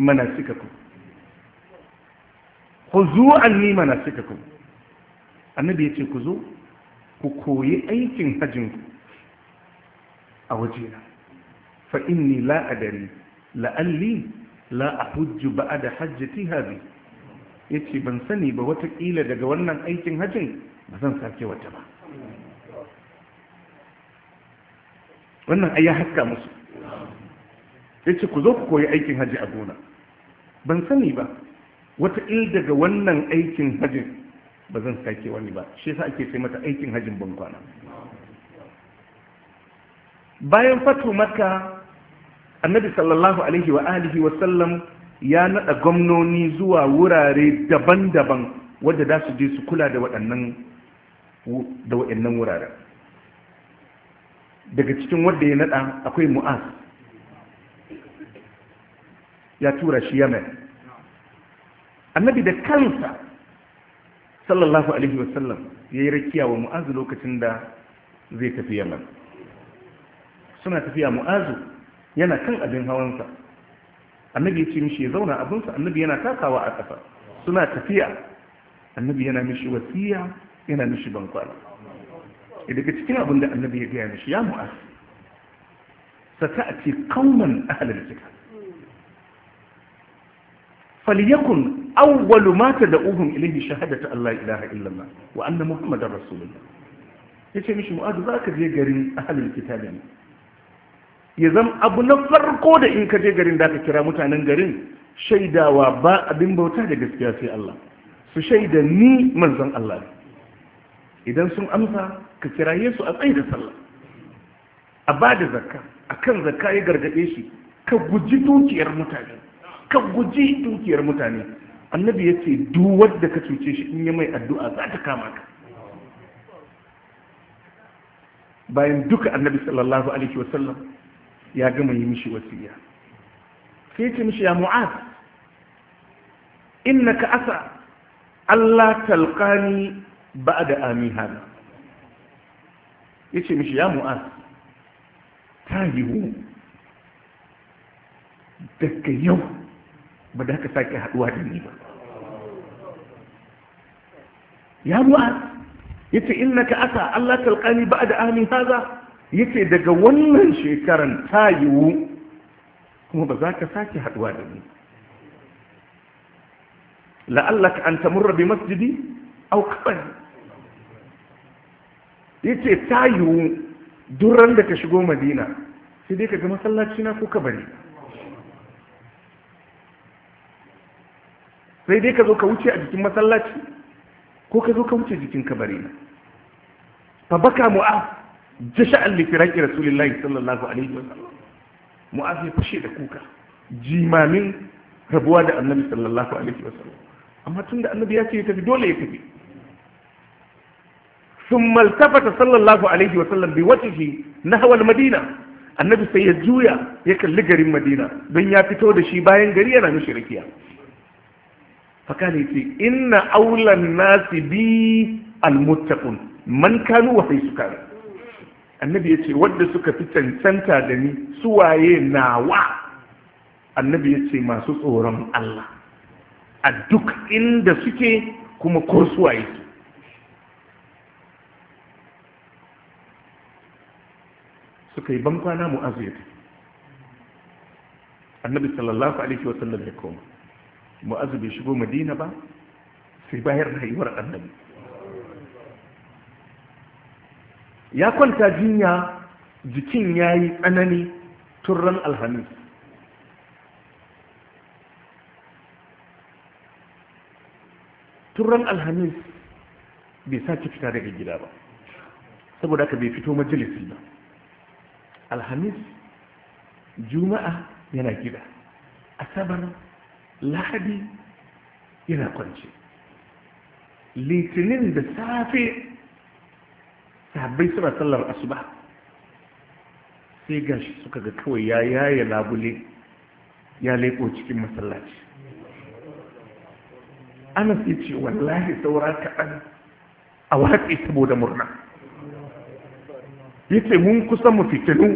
manasikakum ku anni manasikakum annabi ya ce ku zo ku koyi aikin hajjin a wajena fa inni la adari la'alli la ahujju ba'da hajjati hadhi yace ban sani ba wata kila daga wannan aikin hajjin ba zan sake wata ba wannan ayya haska musu yace ku zo ku koyi aikin hajji a gona ban sani ba wata il daga wannan aikin hajjin ba zan sake wani ba shi yasa ake sai mata aikin hajjin ban kwana bayan fatu maka annabi sallallahu alaihi wa alihi wa sallam ya nada gwamnoni zuwa wurare daban-daban wadda za su je su kula da waɗannan da waɗannan wuraren daga cikin wadda ya nada akwai mu'az ya tura shi yamen annabi da kansa sallallahu alaihi wa sallam ya yi rakiya wa mu'azu lokacin da zai tafi yamen suna tafiya mu'azu yana kan abin hawansa annabi ya ce mishi ya zauna abinsa annabi yana takawa a ƙasa suna tafiya annabi yana mishi wasiya yana mishi bankwana e, daga cikin abin da annabi ya gaya mishi ya mu'as sata'ati qauman ahlal kitab falyakun awwalu ma tad'uhum ilayhi shahadatu allah ilaha illa allah wa anna muhammadar rasulullah yace mishi mu'az zaka je garin ahlul kitab ne ya zama abu na farko da in ka je garin da aka kira mutanen garin shaidawa ba abin bauta da gaskiya sai Allah su shaida ni manzon Allah idan sun amsa ka kira Yesu a tsayi da sallah a ba da zakka akan zakka ya gargade shi ka guji dukiyar mutane ka guji dukiyar mutane annabi ya ce duwar wadda ka cuce shi in ya mai addu'a za ta kama ka bayan duka annabi sallallahu alaihi wasallam ya gama yi mishi wasiya sai ce mishi ya mu'az innaka asa Allah talqani ba'da ami hada yace mishi ya mu'az tahihu daga yau ba da ka sake haduwa da ni ba ya mu'az yace innaka asa Allah talqani ba'da ami hada yake daga wannan shekaran ta yiwu kuma ba za ka sake haduwa da ni la'allaka an tamurra bi masjidi aw qabr yace ta yiwu duran da ka shigo madina sai dai ka ga masallaci na ko kabari sai dai ka zo ka wuce a jikin masallaci ko ka zo ka wuce jikin kabari na fa baka mu'a jasha'an ki rasulullahi sallallahu alaihi wa sallam mu'az ya fashe da kuka jimamin rabuwa da annabi sallallahu alaihi wa sallam amma tun da annabi ya ce ya tafi dole ya tafi Sun maltafata sallallahu alaihi wa sallam الله عليه shi na نحو المدينة annabi sai ya juya ya kalli garin madina don ya fito da shi bayan gari yana mishi rakiya fakali ce inna aulan nasi bi almuttaqun man kanu wa sai su kare annabi ya ce wadda suka fi cancanta da ni suwaye nawa annabi ya ce masu tsoron Allah a duk inda suke kuma ko suwaye su suka yi bankwana mu'azu ya annabi sallallahu alaihi wasallam ya koma mu'azu bai shigo madina ba sai bayar da rayuwar annabi ya kwanta jinya jikin ya yi tsanani turran alhamis turan alhamis bai sake fita daga gida ba saboda aka bai fito majalisi ba alhamis juma'a yana gida asabar lahadi yana kwance litinin da safe sahabbai suna sallar asuba sai gashi suka ga kawai ya yaya labule ya leko cikin masallaci ana sai ce wallahi saura kaɗan a watsi saboda murna ya ce mun kusan mu fitinu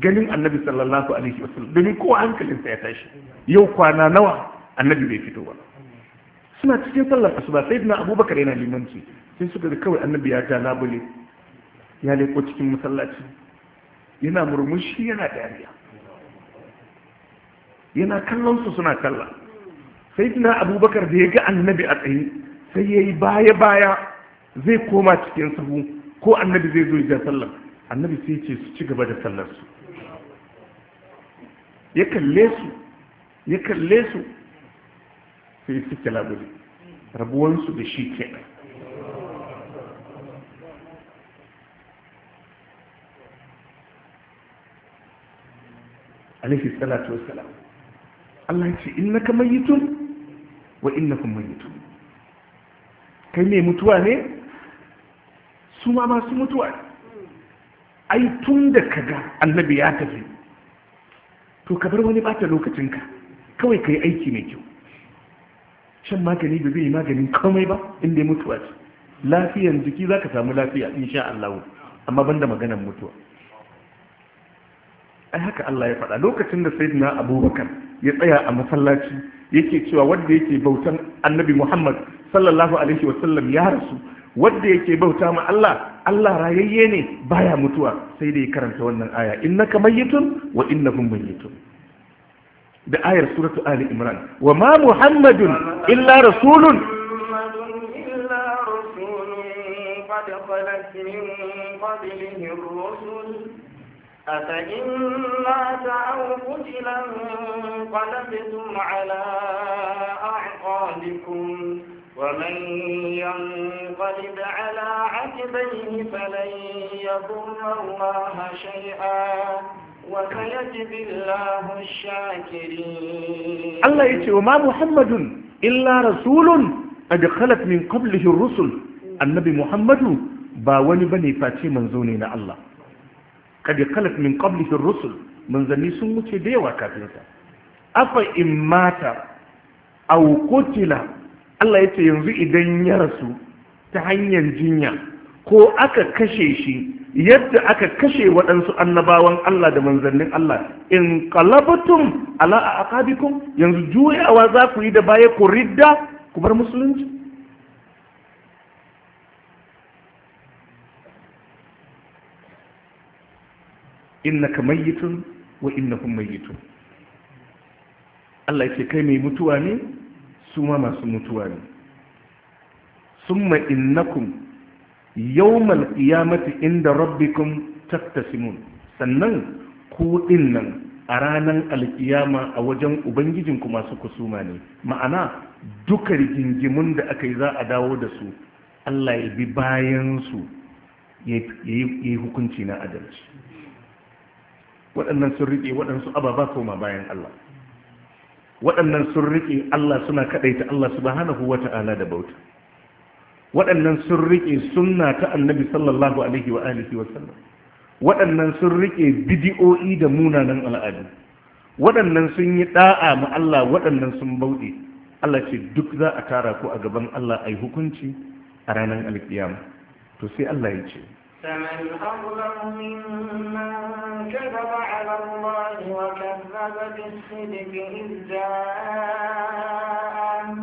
ganin annabi sallallahu alaihi wasallam domin kowa hankalinsa ya tashi yau kwana nawa annabi bai fito ba suna cikin sallar asuba sai dina abubakar yana limanci sai suka ga kawai annabi ya ja labule ya leko cikin masallaci yana murmushi yana dariya yana kallon su suna kalla sai na abubakar da ya ga annabi a tsaye sai ya yi baya-baya zai koma cikin sahu ko annabi zai zo ya sallar annabi sai ce su ci gaba da sallar su ya kalle su ya kalle su sai su ke rabuwansu da shi kenan alaihi salatu wassalam Allah ya ce innaka mayyitun wa innakum mayyitun kai ne mutuwa ne su ma masu mutuwa ne ai tun da kaga annabi ya tafi to ka bar wani bata lokacinka kawai yi aiki mai kyau shan magani ba zai yi maganin komai ba inda mutuwa ce lafiyan jiki za ka samu lafiya insha Allah amma banda maganar mutuwa ai haka Allah ya faɗa lokacin da sayyidina abubakar ya tsaya a masallaci yake cewa wanda yake bautan annabi muhammad sallallahu alaihi sallam ya rasu wanda yake bauta ma Allah Allah rayayye ne baya mutuwa sai da ya karanta wannan aya innaka mayyitun wa innahum mayyitun da ayar suratu ali imran wa ma muhammadun illa rasulun أفإن مات أو قتل انقلبتم على أعقابكم ومن ينقلب على عقبيه فلن يضر الله شيئا وسيجزي الله الشاكرين الله يتي وما محمد إلا رسول قد خلت من قبله الرسل النبي محمد با بني فاتي منزوني الله kad khalaf min qablihi ar-rusul manzanni sun wuce da yawa kafin sa afa in mata aw qutila Allah yace yanzu idan ya rasu ta hanyar jinya ko aka kashe shi yadda aka kashe waɗansu annabawan Allah da manzannin Allah in qalabtum ala aqabikum yanzu juyawa za ku yi da baya ku ridda ku bar musulunci innaka mayyitun wa innahum mayyitun Allah yake kai mai mutuwa ne su ma masu mutuwa ne summa innakum yawmal qiyamati inda rabbikum tattasimun sannan ku nan, a ranan alkiyama a wajen ubangijin ubangijinku masu kusuma ne ma'ana duka rigingimun da aka yi za a dawo da su Allah ya bi bayansu ya yi hukunci na adalci waɗannan sun riƙe waɗansu ababa koma bayan Allah waɗannan sun riƙe Allah suna kaɗaita Allah subhanahu wa ta'ala da bauta waɗannan sun riƙe sunna ta annabi sallallahu alaihi wa alihi wa sallam waɗannan sun riƙe bidi'o'i da munanan al'adu waɗannan sun yi ɗa'a ma Allah waɗannan sun bauɗe Allah ce duk za a tara ko a gaban Allah ai hukunci a ranar alkiyama to sai Allah ya ce فمن أظلم ممن كذب على الله وكذب بالصدق إذ جاء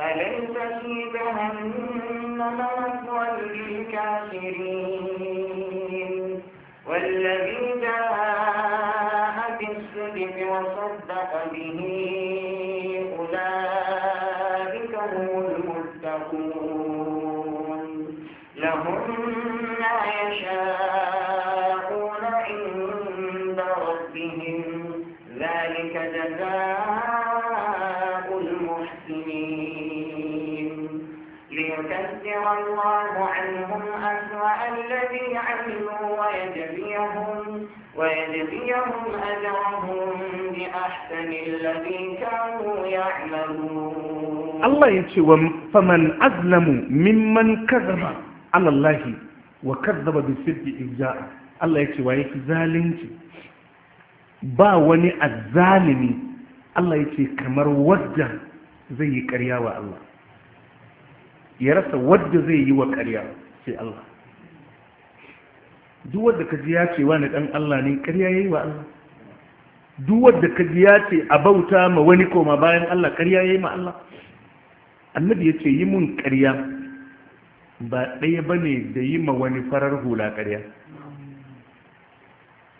أليس في جهنم مثوى للكافرين والذي جاء بالصدق وصدق عملوا ويجزيهم ويجزيهم أجرهم بأحسن الذي كانوا يعملون الله يتشوى فمن أظلم ممن كذب على الله وكذب بالصدق إذ جاءه Allah ya ce wa zalunci ba wani azzalimi Allah ya ce kamar wadda zai yi ƙarya wa Allah ya rasa wadda zai yi wa karya sai Allah duk wanda ka ji ya ce wani dan Allah ne ƙarya yayi wa Allah duk wanda ka ji ya ce a bauta ma wani koma bayan Allah ƙarya yayi ma Allah annabi ya ce yi mun ƙarya ba ɗaya bane da yi ma wani farar hula ƙarya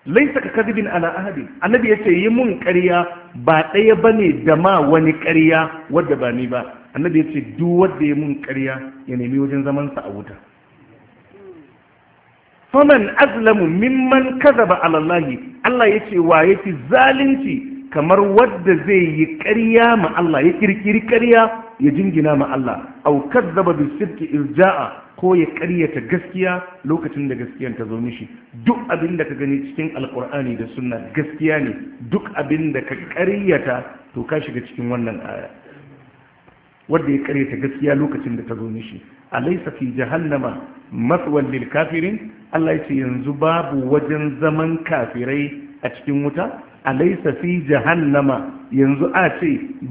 laisa ka kadibin ala ahadi annabi ya ce yi mun ƙarya ba ɗaya bane da ma wani ƙarya wadda ba ni ba annabi ya ce duk wanda ya mun ƙarya ya nemi wajen zamansa a wuta faman azlamu mimman kazaba ala Allah ya yace wa yafi zalunci kamar wadda zai yi ƙarya ma Allah ya kirkiri ƙarya ya jingina ma Allah au kazzaba bi sirki irja'a ko ya ƙaryata gaskiya lokacin da gaskiyan ta zo mishi duk abin da ka gani cikin alƙur'ani da sunna gaskiya ne duk abin da ka ƙaryata to ka shiga cikin wannan aya wanda ya ƙaryata gaskiya lokacin da ta zo mishi Alaisa fi jahannama maswan lil kafirin Allah yace yanzu babu wajen zaman kafirai a cikin wuta Alaisa fi jahannama yanzu a ce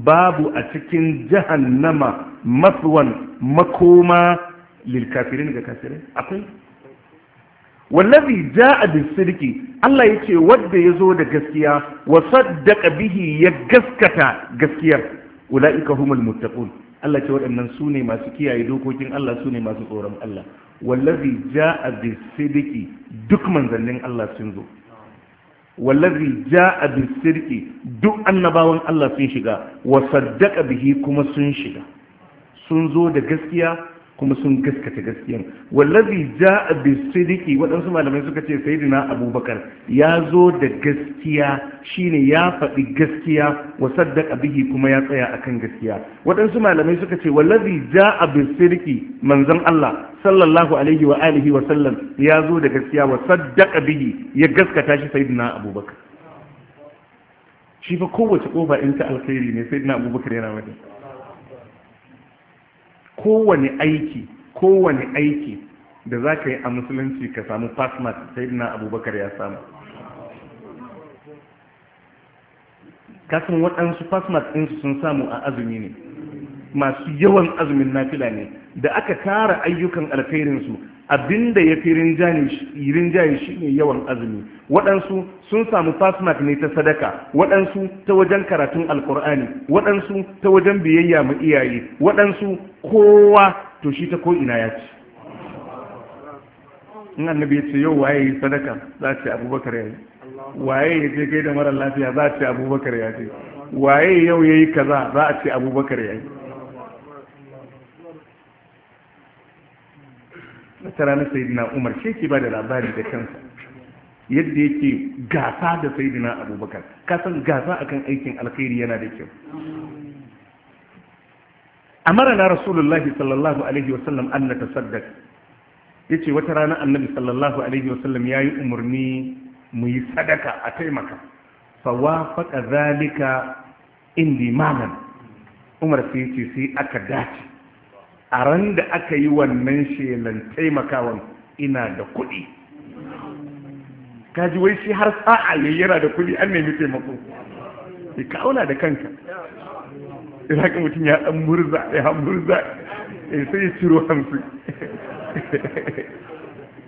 babu a cikin jahannama maswan makoma lil kafirin ga kafirai akwai wallazi ja'a bisirki Allah yace wanda yazo da gaskiya wa saddaqa bihi ya gaskata gaskiyar ulaika humul muttaqun Allah ce waɗannan su ne masu kiyaye dokokin Allah su ne masu tsoron Allah wallazi ja'a bisidiki duk manzannin Allah sun zo wallazi ja'a bisirki duk annabawan Allah sun shiga wa saddaqa bihi kuma sun shiga sun zo da gaskiya kuma sun gaskata gaskiyan wallazi ja'a bisidiki waɗansu malamai suka ce sayyidina abubakar ya zo da gaskiya shine ya faɗi gaskiya wa saddaqa bihi kuma ya tsaya akan gaskiya waɗansu malamai suka ce wallazi ja'a bisidiki manzon Allah sallallahu alaihi wa alihi wa sallam ya zo da gaskiya wa saddaqa bihi ya gaskata shi sayyidina abubakar shi fa kowace kofa in ta alkhairi ne sayyidina abubakar yana mata. kowane aiki kowane aiki da za ka yi a musulunci ka samu fasmat sai na abubakar ya samu kasan waɗansu fasmat ɗinsu sun samu a azumi ne masu yawan azumin nafila ne da aka tara ayyukan alkhairinsu abinda ya fi rinjaye shi ne yawan azumi waɗansu sun samu fasmak ne ta sadaka waɗansu ta wajen karatun alkur'ani waɗansu ta wajen biyayya mu iyaye waɗansu kowa to shi ta ko'ina ya ci in annabi ya ce yau waye yi sadaka za ce abubakar ya yi waye ya je gaida mara lafiya za ce abubakar ya je waye yau ya yi kaza za a ce abubakar ya yi Na ranar sayidina umar shi ke ba da labari da kansa yadda yake gasa da saidina abubakar kasan gasa akan aikin alkhairi yana da kyau na rasulullahi sallallahu alaihi wasallam an na tasaddaq ce wata rana annabi sallallahu alaihi wasallam yi umarni mu yi sadaka a taimaka fa faɗa zalika indi malan umar sai ce sai aka dace a ran da aka yi wannan shelan taimakawan ina da kuɗi kaji wai shi har sa'a yana da kuɗi an nemi taimako Ya ka auna da kanka idan ka mutum ya dan murza ya murza eh, sai ya ciro hamsin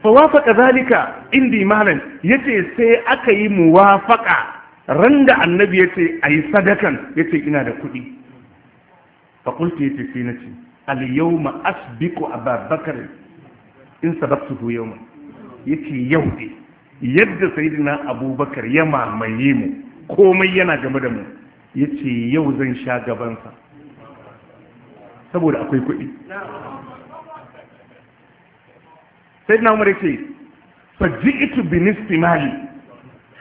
fawafaka zalika indi malam yace sai aka yi muwafaka Randa annabi yace ayi sadakan yace ina da kuɗi fa qultu yace sai nace al yawma asbiqu ababakar in sabaqtuhu yawma yace yau dai yadda sayidina abubakar ya mamaye mu komai yana game da mu ya ce yau zan sha gabansa saboda akwai kuɗi sayidina umar ya ce itu bin istimali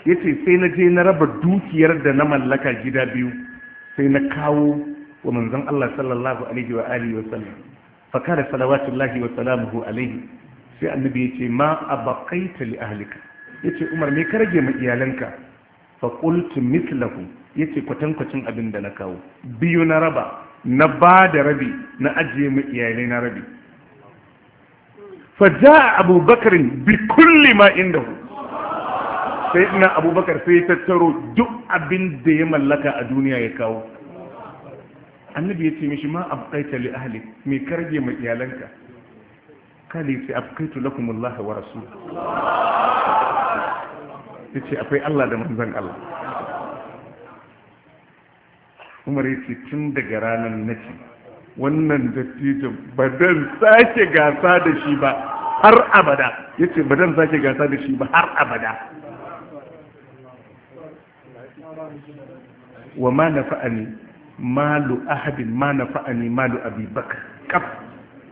ya ce sai na je na raba dukiyar da na mallaka gida biyu sai na kawo wa manzon Allah sallallahu alaihi wa alihi wa sallam fa kana salawatullahi wa salamuhu alaihi sai annabi ya ce ma abaqaita li ahlika yace umar me ka rage ma iyalanka fa qultu mithlahu yace kwatankwacin abin da na kawo biyu na raba na ba da rabi na ajiye ma iyalai na rabi fa jaa abubakar bi kulli ma indahu sai ina abubakar sai ya tattaro duk abin da ya mallaka a duniya ya kawo annabi ya ce mishi ma abqaita li ahli me ka rage ma iyalanka sai قال يتي أبقيت لكم الله ورسوله يتي Allah da دا Allah. Umar عمر tun daga ranar النتي wannan dattijo ba dan sake gasa da shi ba har abada ya ce ba dan sake gasa da shi ba har abada wa ma nafa'ani malu ahadin ma nafa'ani malu abi bakar kaf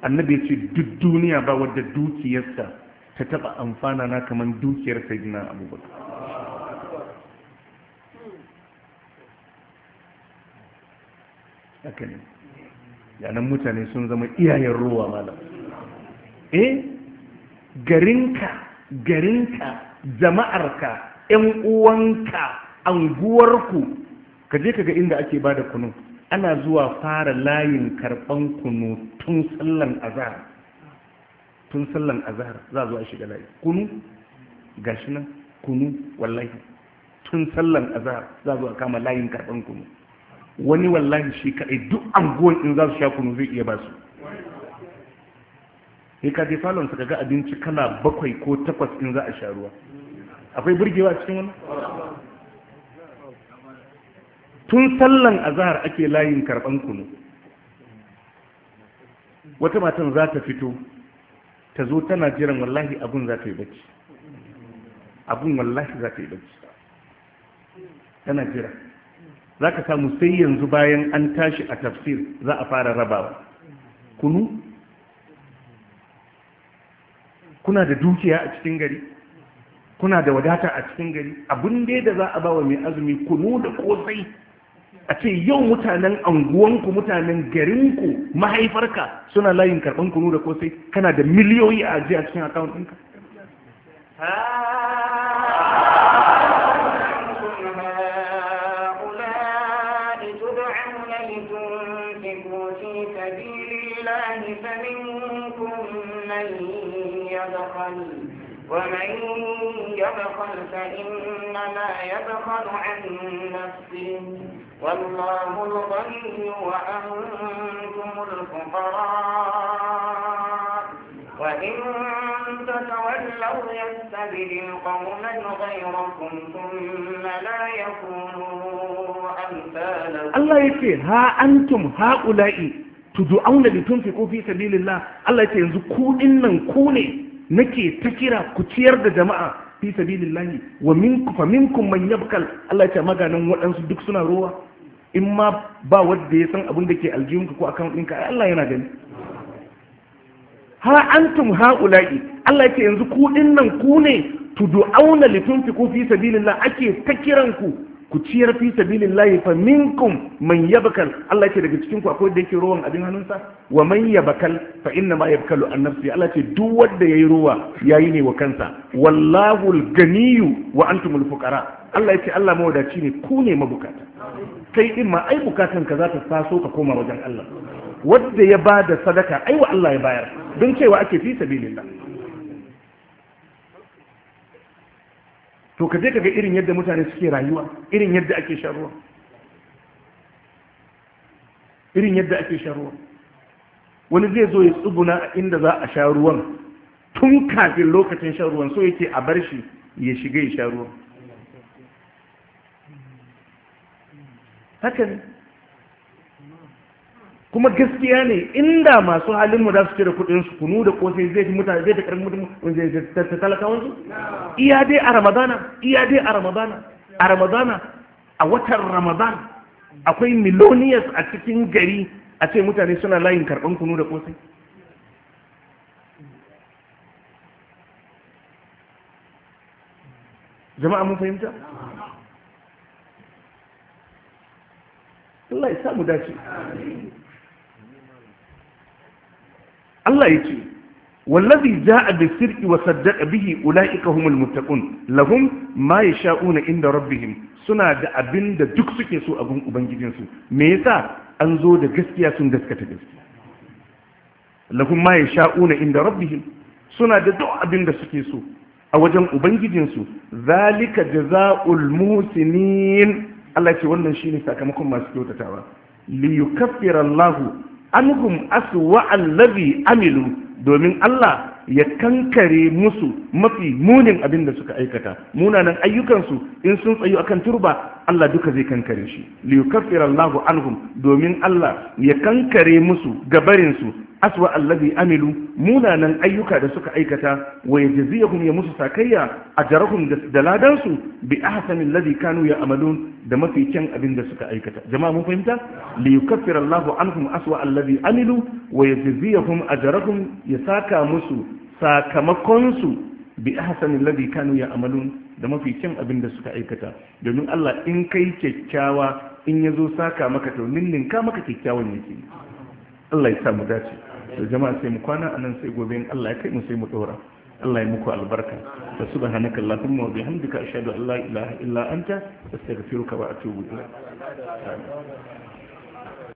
annabi ya ce duk duniya ba wadda dukiyarsa ta taba amfana na kamar dukiyar sayyidina abubakar haka ne yanan mutane sun zama iyayen ruwa malam eh garinka garinka jama'arka 'yan uwanka anguwarku ka je ka ga inda ake bada kunu ana zuwa fara layin karɓan kunu tun sallan azhar tun sallan azhar za zuwa shiga layi kunu gashi nan kunu wallahi tun sallan azhar za zuwa kama layin karɓan kunu wani wallahi shi kaɗai duk anguwan in za su sha kunu zai iya ba su sai ka je falon su ga abinci kala bakwai ko takwas in za a sha ruwa akwai burgewa cikin wani tun sallan azahar ake layin karban kunu wata matan za ta fito ta zo tana jiran wallahi abun za ta yi bacci abun wallahi za ta yi bacci tana jira za ka samu sai yanzu bayan an tashi a tafsir za a fara rabawa kunu kuna da dukiya a cikin gari kuna da wadata a cikin gari abun dai da za a ba wa mai azumi kunu da kosai a ce yau mutanen anguwanku mutanen garinku mahaifarka suna layin karɓan kunu da kosai kana da miliyoyi a ajiye a cikin akawun ɗinka ومن يبخل فإنما يبخل عن نفسه والله الغني وأنتم الفقراء وإن تتولوا يستبدل قوما غيركم ثم لا يكونوا أمثالكم الله يقول ها أنتم هؤلاء تدعون لتنفقوا في سبيل الله الله يقول ينزو كونن كوني nake ta kira ku ciyar da jama'a fi sabilillahi wa minkum fa minkum man yabkal Allah ya ce maganan waɗansu duk suna ruwa in ma ba wanda ya san abin da ke aljihunka ko akan ɗinka ai Allah yana gani ha antum haula'i Allah yake yanzu ku nan ku ne tudu'auna litunfiqu fi sabilillah ake ta kiran ku ku ciyar fi sabilillah fa minkum man yabkal Allah yake daga cikin ku akwai da yake rowan abin hannunsa wa man yabkal fa inna ma yabkalu an nafsi Allah yake duk wanda yayi rowa yayi ne wa kansa wallahu al-ganiyyu wa antumul fuqara Allah yake Allah mawadaci ne ku ne mabukata kai in ma ai bukatan ka za ta taso ka koma wajen Allah wanda ya ba da sadaka ai wa Allah ya bayar don cewa ake fi sabilillah to ka ka ga irin yadda mutane suke rayuwa irin yadda ake shan ruwa irin yadda ake shan ruwa wani zai zo ya tsuguna a inda za a sha ruwan tun kafin lokacin shan ruwan so yake a bar shi ya shiga ya sha ruwan haka ne kuma gaskiya ne inda masu halin mu za su da kudin su kunu da kosai zai fi mutane zai ta karin mutane zai ta talaka wanzu? iya dai a ramadana iya dai a ramadana a ramadana a watan ramadana akwai miloniyas a cikin gari a ce mutane suna layin karɓan kunu da kosai jama'a mun fahimta Allah ya samu dace Allah ya ce wallazi jaa bisirqi wa saddaqa bihi ulaika humul muttaqun lahum ma yasha'una inda rabbihim suna da abinda duk suke so a gun ubangijinsu me yasa an zo da gaskiya sun gaskata gaskiya lahum ma yasha'una inda rabbihim suna da duk abinda suke so a wajen ubangijinsu zalika jazaa'ul musinin Allah ce wannan shine sakamakon masu kyautatawa li yukaffira Allah anhum aswa allazi amilu domin Allah ya kankare musu mafi munin abin da suka aikata munanan ayyukansu in sun tsayu akan turba Allah duka zai kankare shi li yukaffira Allahu anhum domin Allah ya kankare musu gabarin su aswa allazi amilu munanan ayyuka da suka aikata wa yajziyahum ya musu sakayya ajrahum da ladan su bi ahsani allazi kanu ya'malun da mafi kyan abin da suka aikata jama'a mun fahimta li yukaffira Allahu anhum aswa allazi amilu wa yajziyahum ajrahum ya saka musu sakamakon su bi ahsani allazi kanu ya'malun da mafi kyan abin da suka aikata domin Allah in kai kyakkyawa in yazo saka maka to ninninka maka kyakkyawan yake Allah ya sa mu dace to jama'a sai mu kwana anan sai gobe in Allah ya kai mu sai mu dora Allah ya muku albarka wa subhanaka allahumma wa bihamdika ashhadu an la ilaha illa anta astaghfiruka wa atubu ilaik